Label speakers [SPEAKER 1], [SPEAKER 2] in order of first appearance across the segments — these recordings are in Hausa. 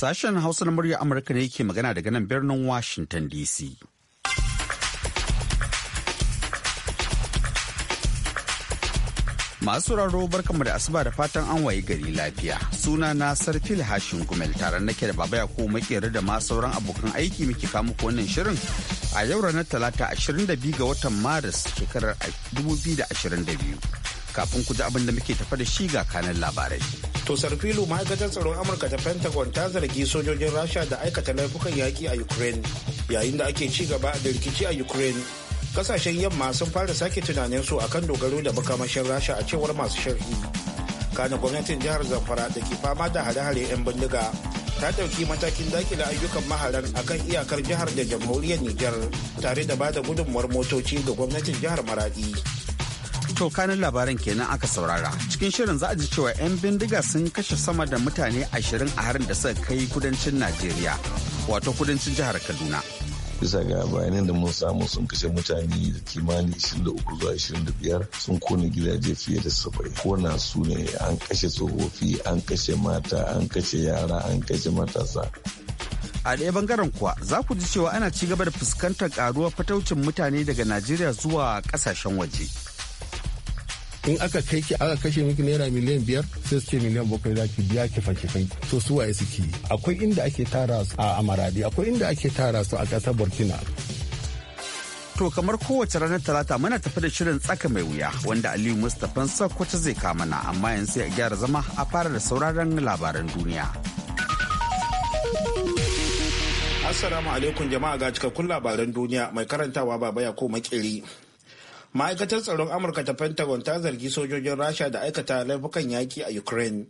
[SPEAKER 1] Sashen Hausa na murya Amurka ne ke magana daga nan birnin Washington DC. Masu sauraro barkanmu da asuba da fatan an waye gari lafiya. Suna na Sarfil Hashin Gumel tare nake da Baba Yakubu makera da ma sauran abokan aiki muke muku wannan shirin a yau ranar Talata 22 ga watan Maris shekarar 2022. Kafin ku ji abin da muke tafa da shi ga kanan labarai.
[SPEAKER 2] To Sarfilu ma'aikatar tsaron Amurka ta Pentagon ta zargi sojojin Rasha da aikata laifukan yaƙi a Ukraine yayin da ake ci gaba da rikici a Ukraine. Kasashen yamma sun fara sake tunanin su akan dogaro da makamashin Rasha a cewar masu sharhi. Kana gwamnatin jihar Zamfara da ke fama da hare-hare 'yan bindiga ta ɗauki matakin dakile ayyukan maharan akan iyakar jihar da jamhuriyar Nijar tare da bada da gudunmuwar motoci ga gwamnatin jihar maraɗi.
[SPEAKER 1] To kanin labaran kenan aka saurara. Cikin shirin za a ji cewa 'yan bindiga sun kashe sama da mutane ashirin a harin da suka kai kudancin Najeriya, wato kudancin jihar Kaduna.
[SPEAKER 3] bisa ga bayanan da mun samu sun kashe mutane da kimanin uku zuwa da biyar sun kone gidaje fiye da saba'in kona su ne an kashe tsofaffi an kashe mata an kashe yara an kashe matasa a ɗaya bangaren kuwa za ku ji
[SPEAKER 1] cewa ana ci gaba da fuskantar karuwar fataucin mutane daga najeriya zuwa kasashen waje
[SPEAKER 4] in aka kai ki aka kashe miki naira miliyan biyar sai su ce miliyan bakwai za ki biya ki fanki to su waye suke akwai inda ake tara su a amaradi akwai inda ake tara su a kasar burkina
[SPEAKER 1] to kamar kowace ranar talata muna tafi da shirin tsaka mai wuya wanda aliyu mustapha sakwata zai kamana amma yanzu sai a gyara zama a fara da sauraron labaran
[SPEAKER 2] duniya assalamu alaikum jama'a ga cikakkun labaran duniya mai karantawa baba ya ko makeri ma'aikatar tsaron amurka ta pentagon ta zargi sojojin rasha da aikata laifukan yaki a ukraine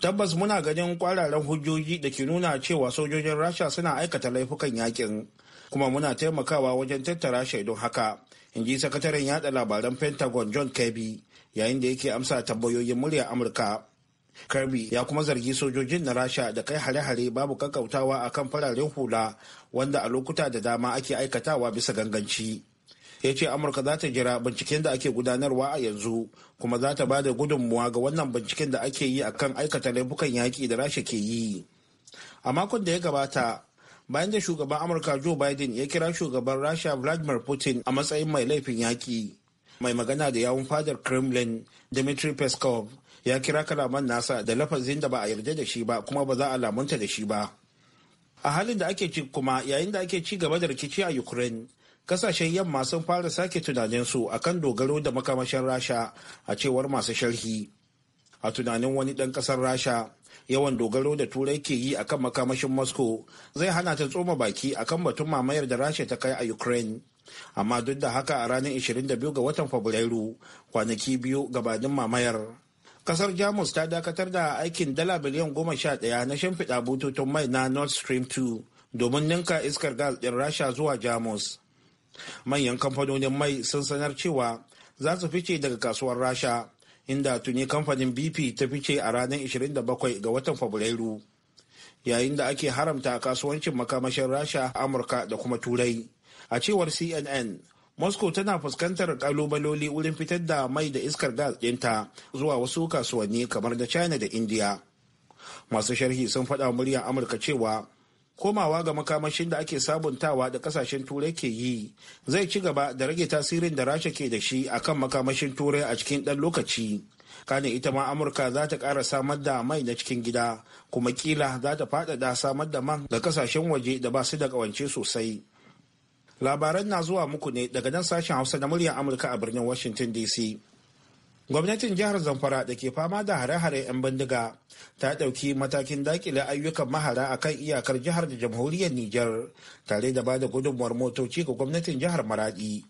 [SPEAKER 2] tabbas muna ganin kwararen hujjoji da ke nuna cewa sojojin rasha suna aikata laifukan yakin kuma muna taimakawa wajen tattara shaidun haka in ji sakataren yada labaran pentagon john kirby yayin da yake amsa tambayoyin murya amurka kirby ya kuma zargi sojojin na rasha da kai hare-hare babu a kan fararen hula wanda a lokuta da dama ake aikatawa bisa ganganci ya ce amurka za ta jira binciken da ake gudanarwa a yanzu kuma za ta ba da gudunmuwa ga wannan binciken da ake yi akan aikata laifukan yaƙi da rasha ke yi a makon da ya gabata bayan da shugaban amurka joe biden ya kira shugaban rasha vladimir putin a matsayin mai laifin yaƙi mai magana da yawun fadar kremlin dmitry peskov ya kira kalaman nasa da lafazin da ba a yarda da shi ba kuma ba za a lamunta da shi ba a halin da ake ci kuma yayin da ake ci gaba da rikici a ukraine kasashen yamma sun fara sake tunaninsu akan dogaro da makamashin rasha a cewar masu sharhi a tunanin wani ɗan ƙasar rasha yawan dogaro da turai ke yi akan makamashin moscow zai hana ta tsoma baki akan batun mamayar da rasha ta kai a ukraine amma duk da haka a ranar 22 ga watan fabrairu kwanaki biyu gabanin mamayar kasar jamus ta dakatar da aikin dala biliyan goma sha ɗaya na shimfiɗa bututun mai na nord stream 2 domin ninka iskar gas ɗin rasha zuwa jamus manyan kamfanonin mai sun sanar cewa za su fice daga kasuwar rasha inda tuni kamfanin bp ta fice a ranar 27 ga watan fabrairu yayin da ake haramta kasuwancin makamashin rasha a amurka da kuma turai a cewar cnn moscow tana fuskantar kalubaloli wurin fitar da mai da iskar gas dinta zuwa wasu kasuwanni kamar da china da india masu sharhi sun faɗa muryar amurka cewa komawa ga makamashin da ake sabuntawa da kasashen turai ke yi zai ci gaba da rage tasirin da rasha ke da shi a kan makamashin turai a cikin ɗan lokaci kane ita ma amurka za ta ƙara samar da mai na cikin gida kuma kila za ta faɗaɗa samar da man ga kasashen waje da ba su da ƙawance sosai labaran na zuwa muku ne daga nan sashen hausa na muryar amurka a birnin washington dc gwamnatin jihar zamfara da ke fama da hare-hare 'yan bindiga ta ɗauki matakin dakile ayyukan mahara a kan iyakar jihar da jamhuriyar Nijar, tare da ba da gudunmuwar motoci ga gwamnatin jihar maradi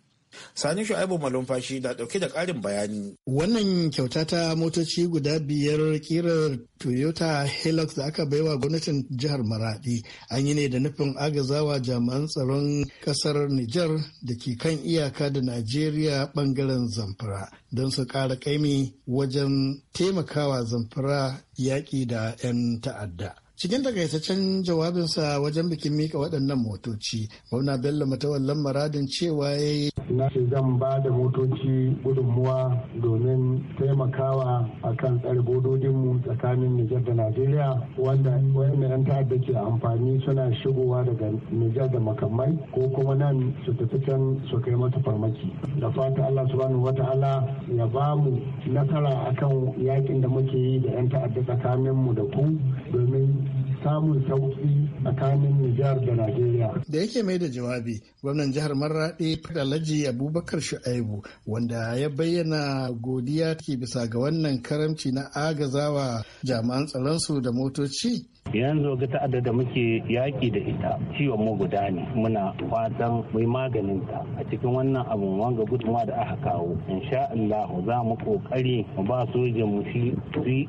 [SPEAKER 2] Sani Shu'aibu Malumfashi da ɗauke da ƙarin bayani.
[SPEAKER 5] Wannan kyauta ta motoci guda biyar ƙirar Toyota Hilux da aka baiwa gwamnatin jihar Maradi an yi ne da nufin agazawa jami'an tsaron ƙasar Nijar da ke kan iyaka da Najeriya ɓangaren Zamfara don su ƙara ƙaimi wajen taimakawa Zamfara yaƙi da 'yan ta'adda. cikin takaitaccen jawabinsa wajen bikin mika waɗannan motoci gwamna bello matawan maradin cewa ya yi na zan ba da motoci gudunmuwa domin taimakawa a kan tsare bododinmu tsakanin nijar da najeriya wanda wani yan ta'adda ke amfani suna shigowa daga nijar da makamai ko kuma nan su tafi can su kai mata farmaki da fata allah subhanahu wataala ya ba mu nasara akan yakin da muke yi da yan ta'adda tsakaninmu da ku
[SPEAKER 6] domin samun sauki tsakanin Nijar da Najeriya.
[SPEAKER 5] Da yake mai da jawabi, gwamnan jihar Marraɗe Fadalaji Abubakar Shu'aibu wanda ya bayyana godiya ke bisa ga wannan karamci na agazawa jami'an tsaron su da
[SPEAKER 7] motoci yanzu ga ta'adda da muke yaƙi da ita ciwon mu ne muna fatan mai maganin ta a cikin wannan abun wanga gudunmawa da aka kawo insha Allah za mu kokari mu ba sojin mu shi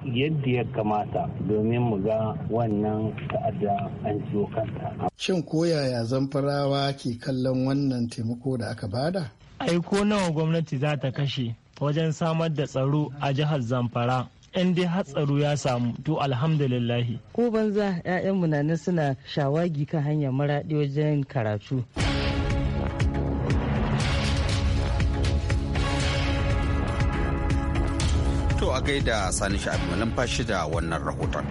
[SPEAKER 7] yadda ya kamata domin mu ga wannan ta'adda an ciwo kanta
[SPEAKER 5] shin ko yaya zamfarawa ke kallon wannan taimako da aka bada
[SPEAKER 7] ai nawa gwamnati za ta kashe wajen samar da tsaro a jihar zamfara in dai hatsaro ya samu to alhamdulillahi ko banza 'ya'yan na suna shawagi kan hanyar maraɗi wajen karatu
[SPEAKER 1] to a gaida sani sha'abu numfashi da wannan rahoton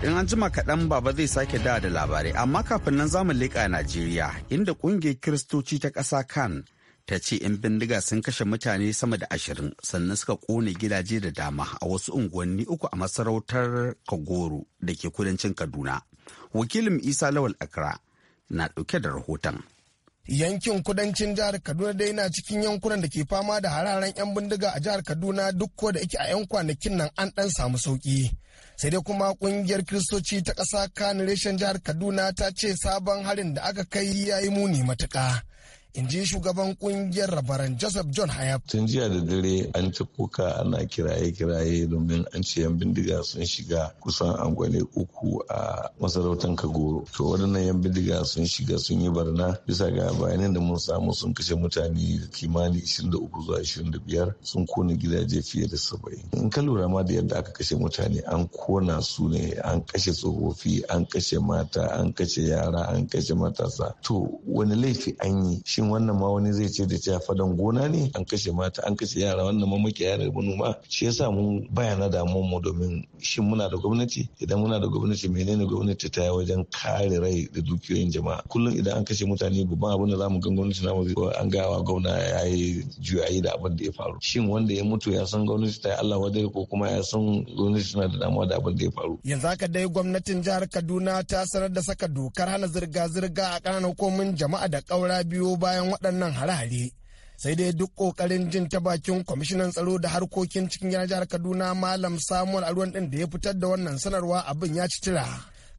[SPEAKER 1] in an jima kaɗan baba zai sake da da labarai amma kafin nan zamu leƙa najeriya inda ƙungiyar kiristoci ta ƙasa kan ta ce 'yan bindiga sun kashe mutane sama da ashirin sannan suka kone gidaje da dama a wasu unguwanni uku a masarautar kagoro da ke kudancin kaduna wakilin isa lawal akra na dauke da rahoton
[SPEAKER 8] yankin kudancin jihar kaduna dai na cikin yankunan da ke fama da hararen 'yan bindiga a jihar kaduna duk ko da ake a 'yan kwanakin nan an ɗan samu sauki sai dai kuma kungiyar kristoci ta ƙasa reshen jihar kaduna ta ce sabon harin da aka kai ya yi muni matuka. in ji shugaban kungiyar rabaran joseph john hayab
[SPEAKER 3] tun jiya da dare an ci kuka ana kiraye-kiraye domin an ce yan bindiga sun shiga kusan angwane uku a masarautar kagoro to waɗannan yan bindiga sun shiga sun yi barna bisa ga bayanan da mun samu sun kashe mutane kimani 23 zuwa 25 sun kone gidaje fiye da saba'in. in ka lura ma da yadda aka kashe mutane an kona su ne an kashe tsofaffi an kashe mata an kashe yara an kashe matasa to wani laifi an yi shin wannan ma wani zai ce da cewa fadan gona ne an kashe mata an kashe yara wannan ma makiyaya da manoma shi yasa mun bayana damuwar mu domin shin muna da gwamnati idan muna da gwamnati menene gwamnati ta yi wajen kare rai da dukiyoyin jama'a kullum idan an kashe mutane ba abin da zamu gan gwamnati na mu an wa gwamna ya yi juyayi da abin da ya faru shin wanda ya mutu ya san gwamnati ta yi Allah wadai ko kuma ya san gwamnati na da damuwa da abin da ya faru
[SPEAKER 8] yanzu haka dai gwamnatin jihar Kaduna ta sanar da saka dokar hana zirga-zirga a ƙananan hukumomin jama'a da ƙaura biyu ba bayan waɗannan hare-hare sai dai duk kokarin jin ta bakin kwamishinan tsaro da harkokin cikin yanar jihar kaduna malam samuel aruwan din da ya fitar da wannan sanarwa abin ya ci tira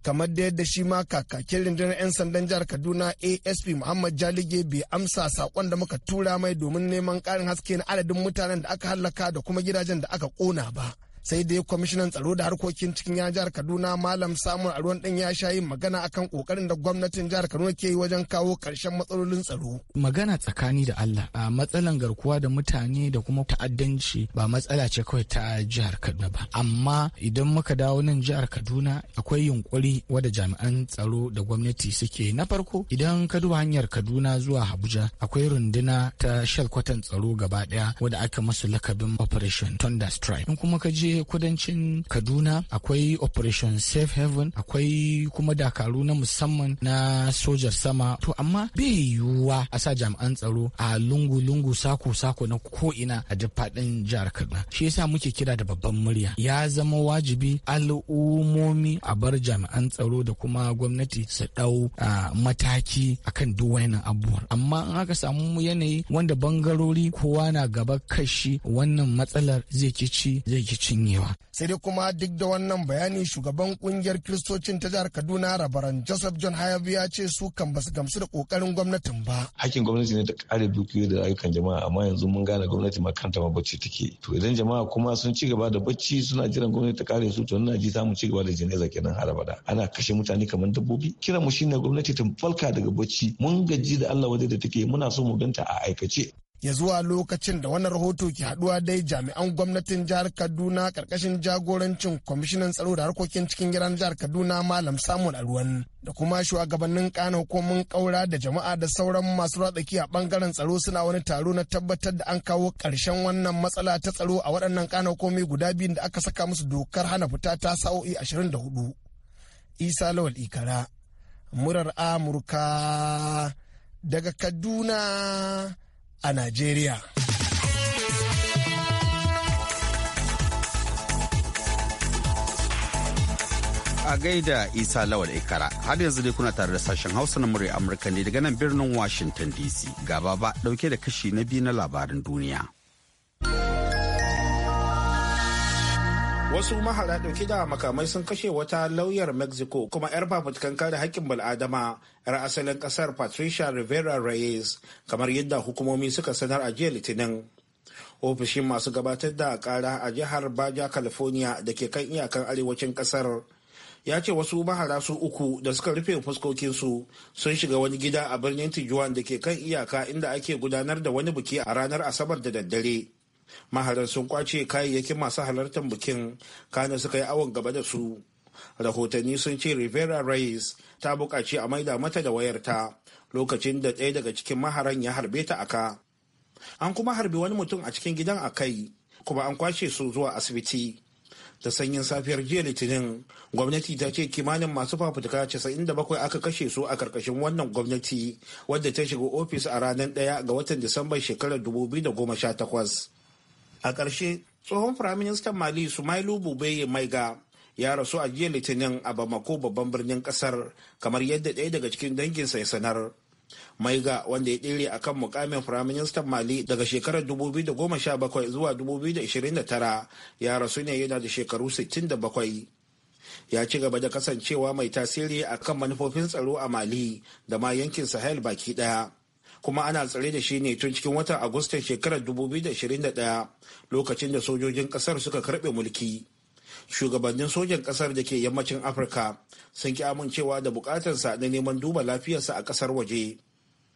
[SPEAKER 8] kamar da yadda shi ma kakakin rundunar 'yan sandan jihar kaduna asp muhammad jalige bai amsa sakon da muka tura mai domin neman karin haske na adadin mutanen da aka hallaka da kuma gidajen da aka ƙona ba sai dai kwamishinan tsaro da harkokin cikin yan jihar kaduna malam samun aruwan din ya sha yin magana akan kokarin da gwamnatin jihar kaduna ke yi wajen kawo karshen matsalolin tsaro
[SPEAKER 9] magana tsakani da allah a matsalan garkuwa da mutane da kuma ta'addanci ba matsala ce kawai ta jihar kaduna ba amma idan muka dawo nan jihar kaduna akwai yunkuri wanda jami'an tsaro da gwamnati suke na farko idan ka duba hanyar kaduna zuwa abuja akwai runduna ta shalkwatan tsaro gaba daya wadda aka masu lakabin operation thunder strike in kuma ka je kudancin kaduna akwai operation safe haven akwai kuma dakaru na musamman na sojar sama to amma bai yiwuwa a sa jami'an tsaro a lungu-lungu sako-sako na ko'ina a duk faɗin jihar kaduna shi yasa muke kira da babban murya ya zama wajibi al'ummomi a bar jami'an tsaro da kuma gwamnati su ɗau mataki akan duk wayannan abubuwan amma in aka samu yanayi wanda bangarori kowa na gaba kashi wannan matsalar zai kici zai kicin cinyewa.
[SPEAKER 8] Sai dai kuma duk da wannan bayani shugaban kungiyar kiristocin ta jihar Kaduna rabaran Joseph John Hayabu ya ce su kan basu gamsu da kokarin gwamnatin
[SPEAKER 3] ba. hakin gwamnati ne ta kare dukiyoyi da rayukan jama'a amma yanzu mun gane gwamnati ma kanta ma bacci take. To idan jama'a kuma sun ci gaba da bacci suna jiran gwamnati ta kare su to ina ji za mu ci gaba da jana'iza kenan har abada. Ana kashe mutane kamar dabbobi. Kiran mu shine gwamnati ta falka daga bacci. Mun gaji da Allah wajen da take muna so mu ganta a aikace. ya zuwa lokacin da wani rahoto ke haduwa dai
[SPEAKER 8] jami'an gwamnatin jihar kaduna karkashin jagorancin kwamishinan tsaro da harkokin cikin gida na jihar kaduna malam samun alwan da kuma shugabannin kana hukumomin kaura da jama'a da sauran masu ratsaki a bangaren tsaro suna wani taro na tabbatar da an kawo karshen wannan matsala ta tsaro a waɗannan kana hukumomi guda biyun da aka saka musu dokar hana fita ta sa'o'i ashirin da hudu isa lawal ikara murar amurka daga kaduna a Najeriya.
[SPEAKER 1] A gaida Isa Lawal Ikara har yanzu dai kuna tare da sashen Hausa na murya Amurka ne daga nan birnin Washington DC gaba ba dauke da kashi na biyu na labarin duniya.
[SPEAKER 2] wasu mahara dauke da makamai sun kashe wata lauyar mexico kuma 'yar fafutukan kare haƙƙin bal'adama 'yar asalin ƙasar patricia rivera reyes kamar yadda hukumomi suka sanar a jiya litinin ofishin masu gabatar da kara a jihar baja california da ke kan iyakan arewacin ƙasar ya ce wasu mahara su uku da suka rufe fuskokinsu sun shiga wani gida a birnin tijuan da ke kan iyaka inda ake gudanar da wani biki a ranar asabar da daddare maharan sun kwace kayayyakin masu halartar bikin kana suka yi awon gaba da su rahotanni sun ce rivera reyes ta bukaci a maida mata da wayarta lokacin da ɗaya daga cikin maharan ya harbe ta aka an kuma harbi wani mutum a cikin gidan a kai kuma an kwashe su zuwa asibiti da sanyin safiyar jiya litinin gwamnati ta ce kimanin masu fafutuka 97 aka kashe su a karkashin wannan gwamnati wadda ta shiga ofis a ranar 1 ga watan disambar shekarar 2018 a ƙarshe tsohon firaministan mali sumailu bube maiga ya rasu a jiya litinin a bamako babban birnin kasar kamar yadda ɗaya daga cikin danginsa ya sanar maiga wanda ya ɗere a kan mukamin firaministan mali daga shekarar 2017 zuwa 2029 ya rasu ne yana da shekaru 67 ya ci gaba da kasancewa mai tasiri a kan manufofin tsaro a mali da ma yankin sahel baki ɗaya kuma ana tsare da shi ne tun cikin watan agustan shekarar 2021 lokacin da sojojin kasar suka karbe mulki shugabannin sojan kasar da ke yammacin afirka sun ki amincewa da bukatansa na neman duba lafiyarsa a kasar waje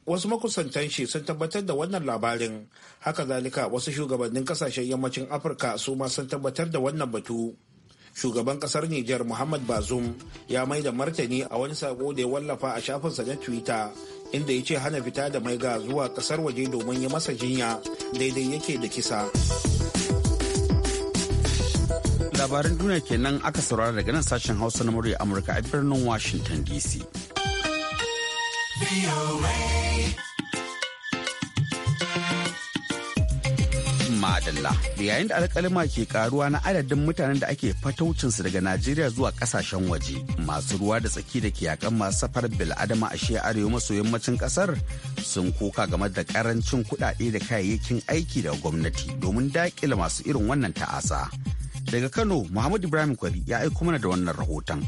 [SPEAKER 2] wasu makusantan shi sun tabbatar da wannan labarin haka zalika wasu shugabannin kasashen yammacin afirka su ma sun tabbatar da wannan batu shugaban kasar Nijar Muhammad Bazoum ya mai da martani a wani sako da ya wallafa a shafinsa na Twitter inda ya ce hana fita da maiga zuwa kasar waje domin ya masa jinya daidai yake da kisa
[SPEAKER 1] labaran duniya kenan aka saurara daga nan sashen hausa na murya amurka a birnin washington dc dalla da yayin da alkalima ke karuwa na adadin mutanen da ake fataucinsu daga najeriya zuwa ƙasashen waje masu ruwa da tsaki da ke yakan masu safar bil'adama a shiya arewa maso yammacin kasar sun kuka game da karancin kuɗaɗe da kayayyakin aiki daga gwamnati domin daƙile masu irin wannan ta'asa daga kano muhammad ibrahim kwari ya aiko mana da wannan rahoton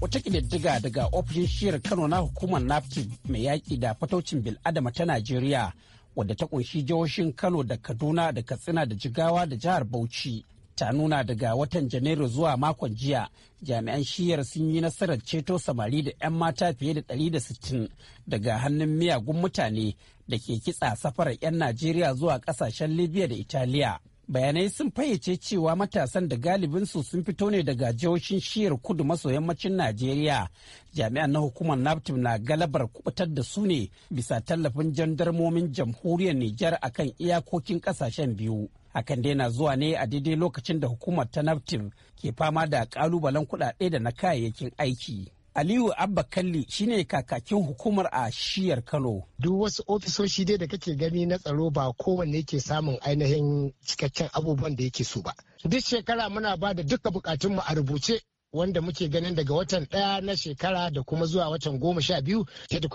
[SPEAKER 10] wata ƙididdiga daga ofishin shiyar kano na hukumar nafti mai yaƙi da fataucin bil'adama ta najeriya wadda ta ƙunshi jihohin Kano da Kaduna da Katsina da Jigawa da jihar Bauchi. Ta nuna daga watan Janairu zuwa makon jiya jami'an shiyar sun yi nasarar ceto samari da 'yan mata fiye da ɗari da sittin daga hannun miyagun mutane da ke kitsa safarar 'yan Najeriya zuwa ƙasashen Libya da Italiya. bayanai sun fayyace cewa matasan da galibinsu sun fito ne daga jihohin shiyar kudu maso yammacin najeriya jami'an na hukumar naftim na galabar kubutar da su ne bisa tallafin jandarmomin jamhuriyar nijar akan iyakokin kasashen biyu hakan dai na zuwa ne a daidai lokacin da hukumar ta naftim ke fama da kalubalen kuɗaɗe da na kayayyakin aiki Aliyu Abba Kalli shine kakakin hukumar a shiyar Kano.
[SPEAKER 6] Duk wasu ofisoshi dai da kake gani na tsaro ba kowanne yake samun ainihin cikakken abubuwan da yake so ba. Duk shekara muna ba da duka bukatunmu a rubuce wanda muke ganin daga watan ɗaya na shekara da kuma zuwa watan goma sha biyu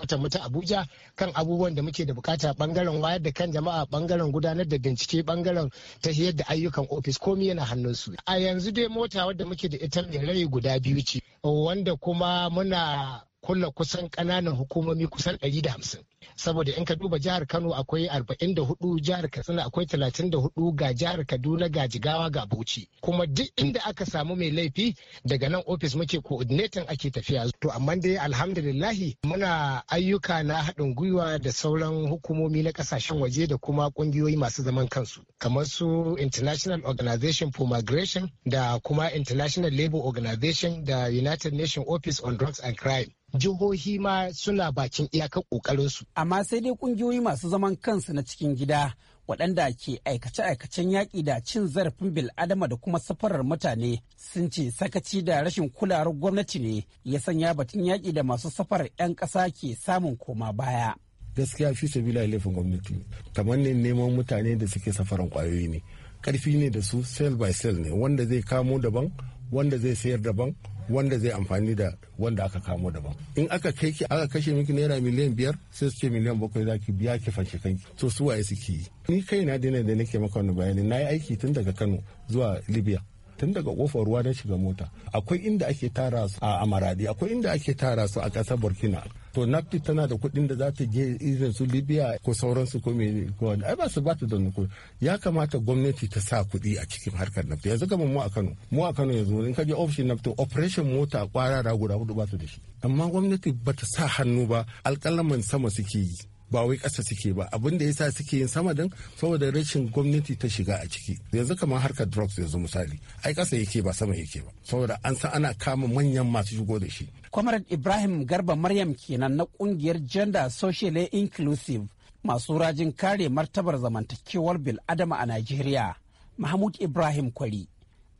[SPEAKER 6] da mu ta abuja kan abubuwan da muke da bukata bangaren wayar da kan jama'a bangaren gudanar da bincike bangaren tahiyar da ayyukan ofis komi yana hannun su a yanzu dai mota wadda muke da ita mai rai guda biyu ce wanda kuma muna kulla kusan kananan hukumomi kusan 150 saboda in ka duba jihar kano akwai 44 jihar katsina akwai 34 ga jihar kaduna ga jigawa ga bauchi kuma duk inda aka samu mai laifi daga nan ofis muke coordinating ake tafiya to amma dai alhamdulillahi muna ayyuka na haɗin gwiwa da sauran hukumomi na ƙasashen waje da kuma ƙungiyoyi masu zaman kansu kamar su international organization for migration da kuma international labour organization da united nations office on drugs and crime jihohi ma suna bakin iyakar ƙoƙarinsu. Amma
[SPEAKER 10] sai dai ƙungiyoyi masu zaman kansu na cikin gida waɗanda ke aikace-aikacen yaƙi da cin zarafin bil'adama da kuma safarar mutane sun ce sakaci da rashin kulawar gwamnati ne ya sanya batun yaƙi da masu safarar 'yan ƙasa ke samun koma baya.
[SPEAKER 4] Gaskiya fi sabila laifin gwamnati kamar ne neman mutane da suke safarar ƙwayoyi ne. Ƙarfi ne da su sel by sel ne wanda zai kamo daban wanda zai sayar daban wanda zai amfani da wanda aka kamo daban in aka kai ki aka kashe miki naira miliyan biyar sai suke miliyan bakwai za ki biya ki fanshe kanki to su waye suke yi ni kai na dina da nake maka wani bayani na yi aiki tun daga kano zuwa libya tun daga kofar ruwa na shiga mota akwai inda ake tara su a amaradi akwai inda ake tara su a ƙasar burkina to nafti tana da kuɗin da za ta je irin su libya ko sauransu ko mai ai ba su ba ta da nuku ya kamata gwamnati ta sa kuɗi a cikin harkar nafti yanzu gama mu a kano mu a kano yanzu in ka je ofishin nafti operation mota kwarara guda hudu ba su da shi amma gwamnati ba ta sa hannu ba Alkalaman sama suke yi ba wai ƙasa suke ba abin da yasa suke yin sama din saboda rashin gwamnati ta shiga a ciki yanzu
[SPEAKER 10] kamar harkar drugs yanzu misali ai ƙasa yake ba sama yake ba saboda an san ana kama manyan masu shigo da shi comrade ibrahim garba maryam kenan na kungiyar gender socially inclusive masu rajin kare martabar zamantakewar bil adama a najeriya mahmud ibrahim kwari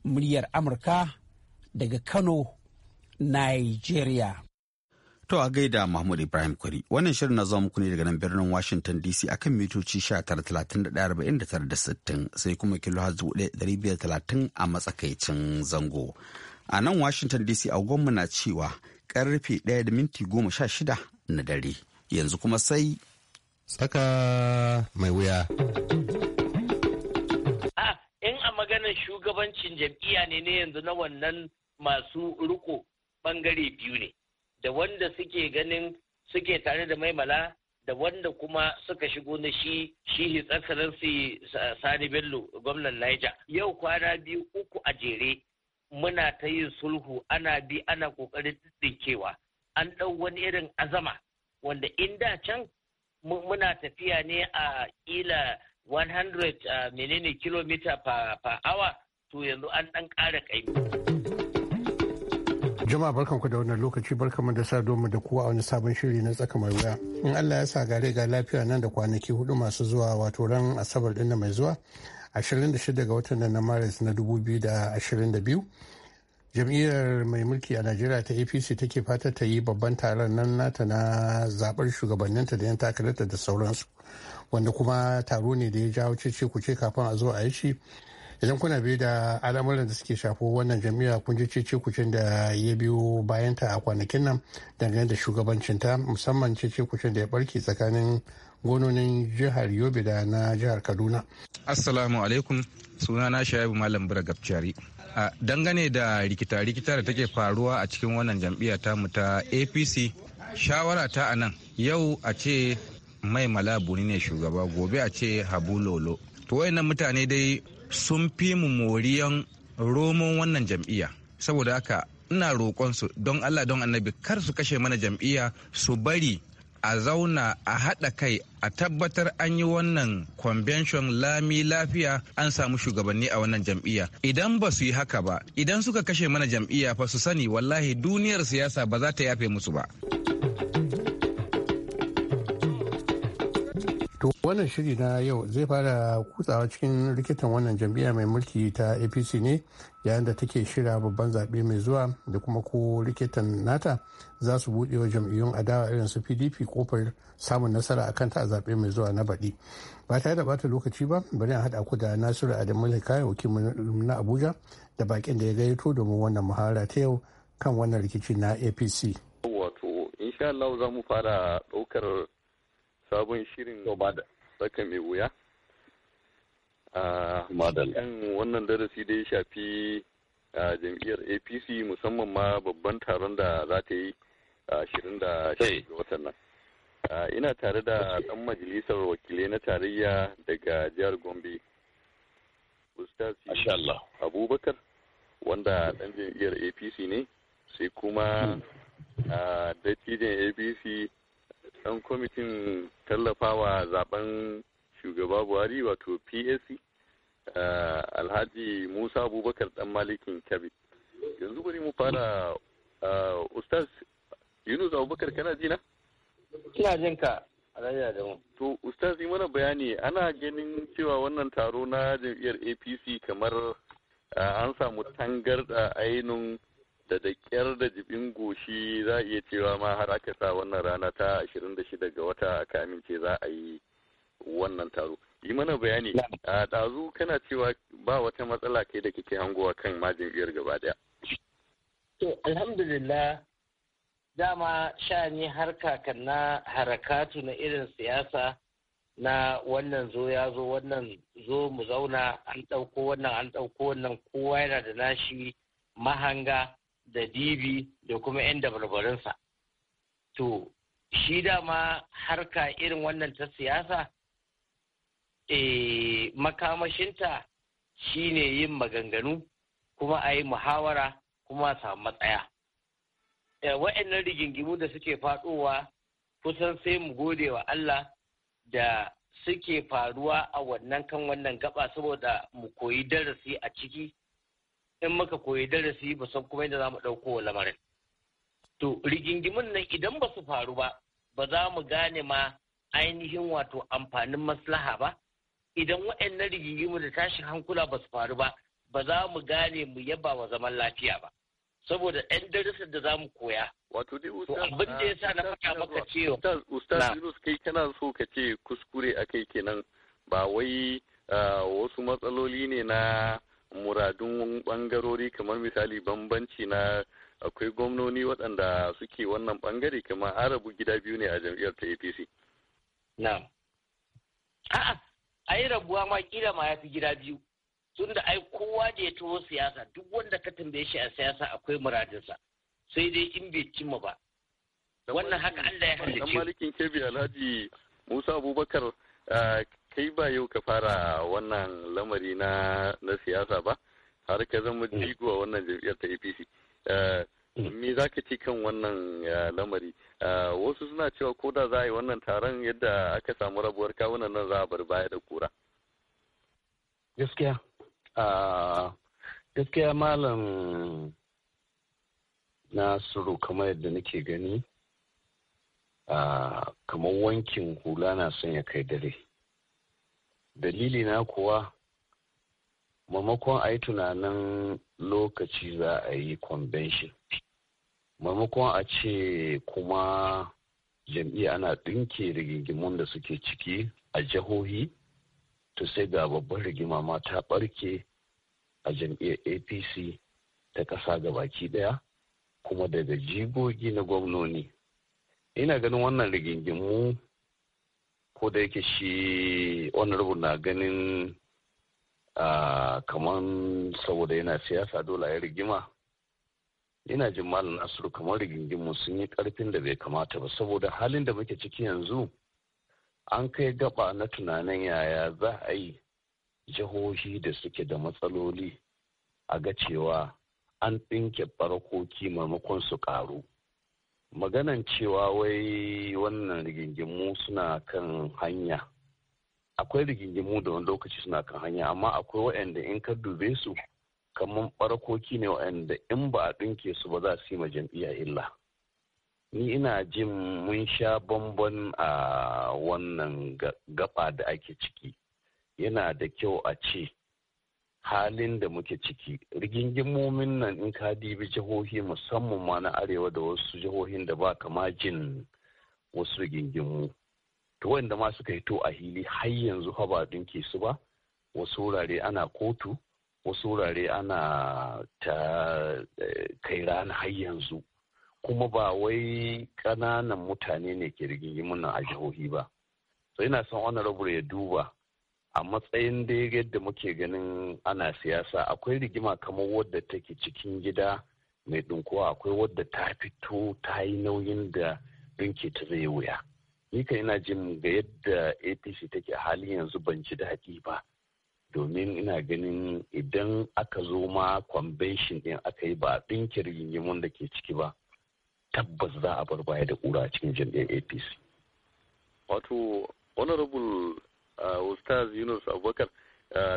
[SPEAKER 10] muryar amurka daga kano nigeria
[SPEAKER 1] To a gaida Mahmud Ibrahim Kwari wannan shirin na zama muku ne daga nan birnin Washington DC akan mitoci 19,39,60 sai kuma kilo talatin a matsakaicin zango. A nan Washington DC agonmu na cewa karfe 1 da minti 16 na dare yanzu kuma sai
[SPEAKER 5] tsaka mai wuya.
[SPEAKER 7] In a maganar shugabancin jam'iyya ne ne yanzu na wannan masu riko bangare biyu ne. da wanda suke ganin suke tare da maimala da wanda kuma suka shigo na shi shi his su sani bello gwamnan niger yau kwana biyu uku a jere muna ta yin sulhu ana bi ana kokarin tsinkewa an ɗau wani irin azama wanda in da can muna tafiya ne a ila 100 uh, menene kilomita per hour to yanzu an ɗan ƙara ƙaimi.
[SPEAKER 5] Jama'a ku da wannan lokaci mu da sa mu da kuwa wani sabon shiri na tsaka mai wuya. In Allah ya sa gare ga lafiya nan da kwanaki hudu masu zuwa wato ran Asabar din mai zuwa 26 ga watan nan na Maris na 2022. Jam'iyyar mai mulki a Najeriya ta APC take fata ta yi babban taron nan nata na zabar shugabannin ta da 'yan takararta da sauransu. Wanda kuma taro ne da ya jawo cece kuce kafin a zo a yi shi idan kuna bi da al'amuran da suke shafo wannan jami'a kun ji cece kucin da ya biyo bayanta a kwanakin nan dangane da shugabancinta musamman cece kucin da ya barke tsakanin gononin jihar yobe da na jihar kaduna
[SPEAKER 10] assalamu alaikum suna na shayabu malam bura gabciyari a dangane da rikita-rikita da take faruwa a cikin wannan jam'iyya tamu ta apc shawara ta a nan yau a ce mai malabuni ne shugaba gobe a ce habu lolo to wayannan mutane dai sun fi mu moriyan romon wannan jam'iyya saboda haka ina roƙonsu don allah don annabi kar su kashe mana jam'iyya su bari a zauna a haɗa kai a tabbatar an yi wannan convention lami lafiya an samu shugabanni a wannan jam'iyya idan ba su yi haka ba idan suka kashe mana jam'iyya fa su sani wallahi duniyar siyasa ba za ta yafe musu ba.
[SPEAKER 5] To wannan shiri na yau zai fara kutsawa cikin rikitan wannan jam'iyya mai mulki ta APC ne yayin da take shira babban zaɓe mai zuwa da kuma ko rikitan nata za su buɗe wa jam'iyyun adawa irin su PDP kofar samun nasara a kanta a zaɓe mai zuwa na baɗi. Ba tare da bata lokaci ba bari a haɗa ku da Nasiru Adamu Hikaya wakilin na Abuja da baƙin da ya gayyato domin wannan muhara ta yau kan wannan rikici na APC.
[SPEAKER 11] Wato insha Allah za mu fara ɗaukar sabon shirin tsaka mai wuya kan ah, wannan darasi da ya shafi ah, jam'iyyar apc musamman ma babban taron da za ta yi shirin ga watan nan ah, ina tare da dan majalisar wakilai na tarayya daga jihar gombe abubakar wanda dan jam'iyyar apc ne sai kuma hmm. dattijan apc dan kwamitin tallafawa zaben shugaba buhari wato psc uh, alhaji musa abubakar dan malikin kabi yanzu bari mu fara uh, ustaz yunus abubakar kana jina ina jin ka alayya da mu to ustaz mana bayani ana ganin cewa wannan taro na jam'iyyar apc kamar uh, an samu tangarda ainun da da kyar da jibin goshi za a iya cewa ma har aka sa wannan rana ta 26 ga wata kamin ce za a yi wannan taro yi mana bayani a ɗazu kana cewa ba wata matsala kai da kike hangowa kan majin biyar gaba daya
[SPEAKER 7] to alhamdulillah dama shani har kakan na harakatu na irin siyasa na wannan zo ya zo wannan zo mu zauna an ɗauko wannan an ɗauko wannan kowa yana da nashi mahanga da dibi da kuma 'yan dabarbarinsa to shi dama harka irin wannan ta siyasa e, makamashinta shi ne yin maganganu kuma a yi muhawara kuma a samu matsaya e, eh, wa'annan rigingimu da suke faɗowa kusan sai mu gode wa Allah da suke faruwa a wannan kan wannan gaba saboda mu koyi darasi a ciki in muka koyi darasi ba san kuma yadda za mu ɗauko lamarin. To rigingimin nan idan ba su faru ba, ba za mu gane ma ainihin wato amfanin maslaha ba, idan waɗannan rigingimin da tashin hankula ba su faru ba, ba za mu gane mu yaba wa zaman lafiya ba. Saboda ɗan darussan da za mu
[SPEAKER 11] koya. Wato dai Ustaz. abin da ya sa na faɗa maka cewa. Ustaz, Ustaz Yunus kai kana so ka ce kuskure kai kenan ba wai ah, wasu matsaloli ne na muradun bangarori kamar misali bambanci na akwai gwamnoni waɗanda suke wannan bangare kamar arabu gida biyu ne a jam'iyyar ta apc na'am
[SPEAKER 7] a'a ai rabuwa ma kila ma ya fi gida biyu tunda ai kowa da ya taho siyasa duk wanda ka tambaye shi a siyasa akwai muradinsa sai dai
[SPEAKER 11] in bai cimma ba
[SPEAKER 7] wannan haka Allah ya halicce. Dan
[SPEAKER 11] malikin kebi Alhaji Musa Abubakar ah, kai ba yau ka fara wannan lamari na siyasa ba har ka zama mm. jigo a wannan jam'iyyar ta apc eh, mm. me za ka ci kan wannan eh, lamari eh, wasu suna cewa ko da za a yi wannan taron yadda aka samu rabuwar kawunan nan za a bar baya da kura
[SPEAKER 12] gaskiya ah, gaskiya malam nasiru kamar yadda nake gani ah, kamar wankin hula na son ya kai dare dalili na kuwa maimakon a yi tunanin lokaci za a yi convention maimakon a ce kuma jam'iyya ana ɗinke rigingimun da suke ciki a jihohi to sai ga babban rigima ma ta barke a jam'iyyar apc ta ƙasa baki ɗaya kuma daga jigogi na gwamnoni ina ganin wannan rigingimu ko da yake shi honorable na ganin kamar saboda yana siyasa dole ya rigima ina jin malam nasiru kamar rigingimu sun yi karfin da bai kamata ba saboda halin da muke ciki yanzu an kai gaba na tunanin yaya za a yi jihohi da suke da matsaloli a ga cewa an ɗinke barkoki maimakon su ƙaru maganan cewa wai wannan rigingimu suna kan hanya akwai rigingimu da wani lokaci suna kan hanya amma akwai waɗanda in ka dube su kamar barkoki ne wa'anda in ba a ɗinke su ba za su yi ma jam'iyya illa ni ina jin mun sha bamban a wannan gaba da ake ciki yana da kyau a ce halin da muke ciki rigingimomin nan in ka dibi jihohi musamman ma na arewa da wasu jihohin da ba kama jin wasu rigingimu to wanda ma suka hito a hili har yanzu ha ba dinke su ba wasu wurare ana kotu wasu wurare ana ta eh, kai rana har yanzu kuma ba wai ƙananan mutane ne ke rigingimun nan a jihohi ba so ina son honorable ya duba a matsayin da yadda muke ganin ana siyasa akwai rigima kamar wadda take cikin gida mai dunkuwa akwai wadda ta fito ta yi nauyin da rinke ta zai wuya ni ka ina jin ga yadda apc take a halin yanzu ban ji daɗi ba domin ina ganin idan aka zo ma convention din aka yi ba ɗinke rigingimun da ke ciki ba tabbas za a bar baya da kura cikin jam'iyyar apc wato
[SPEAKER 11] honorable Ustaz Yunus Abubakar.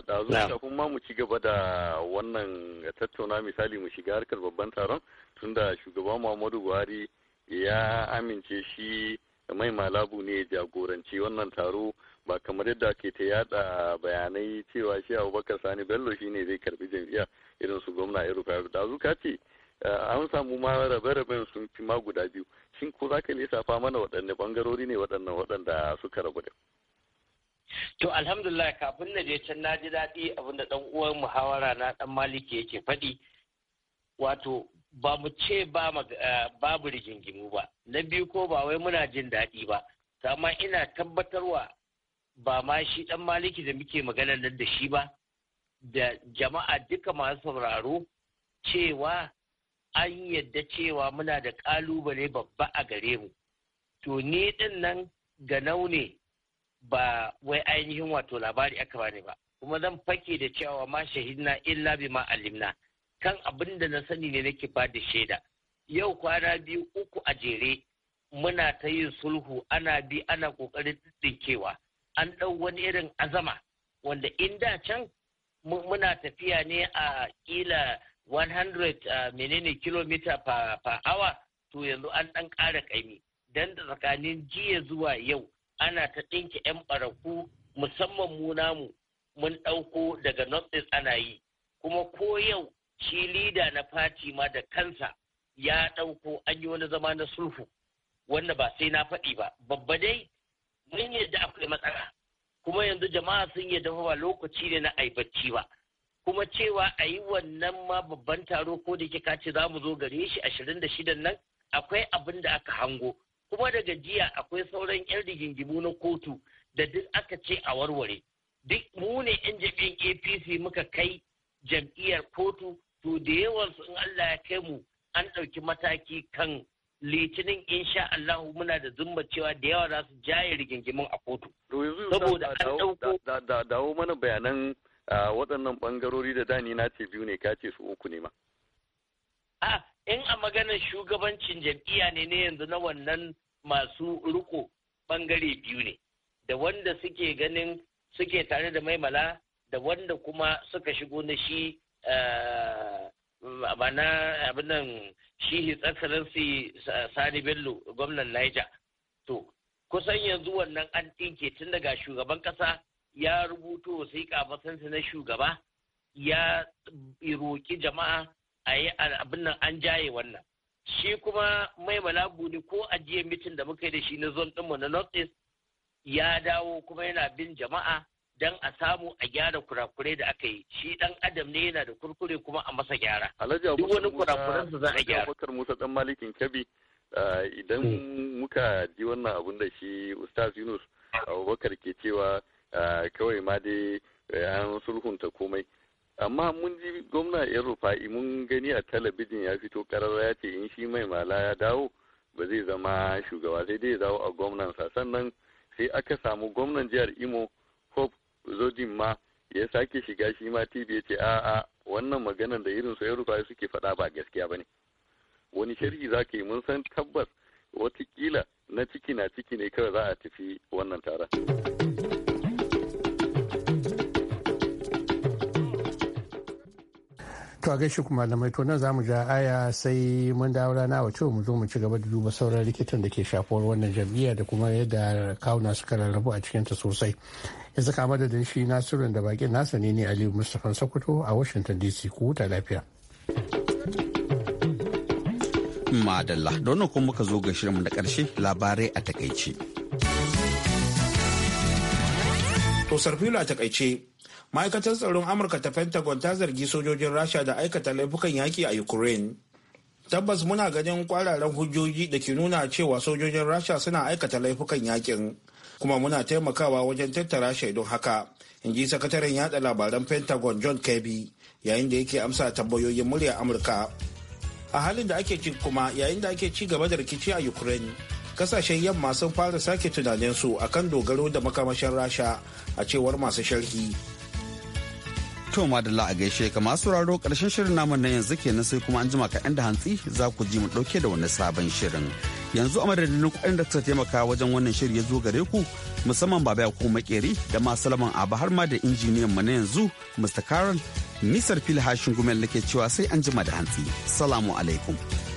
[SPEAKER 11] Ɗazu kafin ma mu ci gaba da wannan tattauna misali mu shiga harkar babban taron tunda shugaban Muhammadu Buhari ya amince shi mai malabu ne jagoranci wannan taro ba kamar yadda ke ta yada bayanai cewa shi abubakar sani bello shi ne zai karbi jam'iyya irin su gwamna irin faru da ka ce an samu ma rabe-raben sun fi ma guda biyu shin ko za ka lissafa mana waɗanne bangarori ne waɗannan waɗanda suka rabu da
[SPEAKER 7] To alhamdulillah kafin na je can na ji daɗi abinda ɗan uwan muhawara na ɗan maliki yake faɗi wato ba mu ce ba eh, babu rigingimu ba na biyu ko ba wai muna jin daɗi ba amma ina tabbatarwa ba ma shi ɗan maliki da muke magana nan da shi ba da jama'a duka masu sauraro cewa an yadda cewa muna da ƙalubale babba a gare mu to ni ɗin nan ganau ne ba wai ainihin wato labari aka bani ba kuma zan fake da cewa ma shahidna illa bi ma alimna kan abin da na sani ne nake ba da shaida yau kwana biyu uku a jere muna ta yin sulhu ana bi ana kokarin tsinkewa an ɗau wani irin azama wanda in da can muna tafiya ne a kila 100 uh, menene kilomita per hour to yanzu an ɗan ƙara ƙaimi don da tsakanin jiya zuwa yau ana ta ɗinke 'yan ɓaraku musamman mu namu mun ɗauko daga northeast ana yi kuma ko yau shi lida na fati ma da kansa ya ɗauko an yi wani zama na sulhu wanda ba sai na faɗi ba babba dai mun yadda akwai matsala kuma yanzu jama'a sun yadda ba lokaci ne na aibacci ba kuma cewa a yi wannan ma babban taro ko da kika ce za mu zo gare shi ashirin da shidan nan akwai abin da aka hango kuma da gajiya akwai sauran 'yan rigingimu na kotu da duk aka ce a warware duk mu ne 'yan jam'iyyar apc muka kai jam'iyyar kotu to da yawansu in allah ya kai mu an ɗauki mataki kan litinin insha allahu muna da zumba cewa da yawa za su jaye rigingimun a kotu
[SPEAKER 11] saboda dawo mana bayanan ah, waɗannan ɓangarori da dani na ce biyu ne ka ce su uku ne ma
[SPEAKER 7] ah, in a maganar shugabancin jam'iyya ne ne yanzu na wannan masu riko bangare biyu ne da wanda suke ganin suke tare da maimala da wanda kuma suka shigo na shi mana eh, abinan shi tsakarar su sani bello gwamnan niger to kusan yanzu wannan an ɗinke tun daga shugaban ƙasa ya rubuto wasiƙa matsansa na shugaba ya roƙi jama'a a yi abin nan an jaye wannan shi kuma mai malabu ne ko ajiye mitin da muka yi da shi na zon ɗinmu na north east ya dawo kuma yana bin jama'a don a samu a gyara kurakurai da aka yi shi dan adam
[SPEAKER 11] ne yana da kurkure kuma
[SPEAKER 7] a masa gyara duk wani kurakuran su za a gyara Abubakar
[SPEAKER 11] Musa dan Malikin Kabi eh, idan hmm. muka ji wannan abun da shi Ustaz Yunus Abubakar ke cewa eh, kawai ma dai eh, an sulhunta komai amma mun ji gwamna yan rufa'i mun gani a talabijin ya fito karara ya ce in shi mai mala ya dawo ba zai zama shugaba sai dai ya dawo a gwamnansa sannan sai aka samu gwamnan jihar imo hope zodin ma ya sake shiga shi ma tv ya ce a'a wannan maganar da irin su yan rufa'i suke faɗa ba gaskiya ba ne wani sharhi za ka yi mun san tabbas watakila na ciki na ciki ne kawai za a tafi wannan taron.
[SPEAKER 5] To a gaishe kuma malamai to nan za mu ja aya sai mun dawo rana wato mu zo mu ci gaba da duba sauran likitan da ke shafuwar wannan jam'iyya da kuma yadda kawuna suka rarrabu a cikin ta sosai. Yanzu saka da shi Nasiru da bakin nasa ne ne Aliyu Mustapha Sokoto a Washington DC ku huta lafiya.
[SPEAKER 1] Madalla, don kuma muka zo ga shirin da ƙarshe labarai a takaice.
[SPEAKER 2] To Sarfilo a takaice ma'aikatar tsaron amurka ta pentagon ta zargi sojojin rasha da aikata laifukan yaki a ukraine tabbas muna ganin kwararen hujjoji da ke nuna cewa sojojin rasha suna aikata laifukan yakin kuma muna taimakawa wajen tattara shaidun haka in ji sakataren yada labaran pentagon john kirby yayin da yake amsa tambayoyin murya amurka a halin da ake ci kuma yayin da ake ci gaba da rikici a ukraine kasashen yamma sun fara sake tunaninsu akan dogaro da makamashin rasha a cewar masu sharhi
[SPEAKER 1] To madalla a gaishe ka masu raro karshen shirin namun na yanzu kenan sai kuma an jima kaɗan da hantsi za ku ji mu ɗauke da wani sabon shirin. Yanzu a madadin kuɗin da ta taimaka wajen wannan shirin ya zo gare ku musamman baba ko makeri da ma salaman abu har ma da injiniyan mu na yanzu Mr. Karen Nisar Fil Hashin Gumel nake cewa sai an jima da hantsi. Salamu alaikum.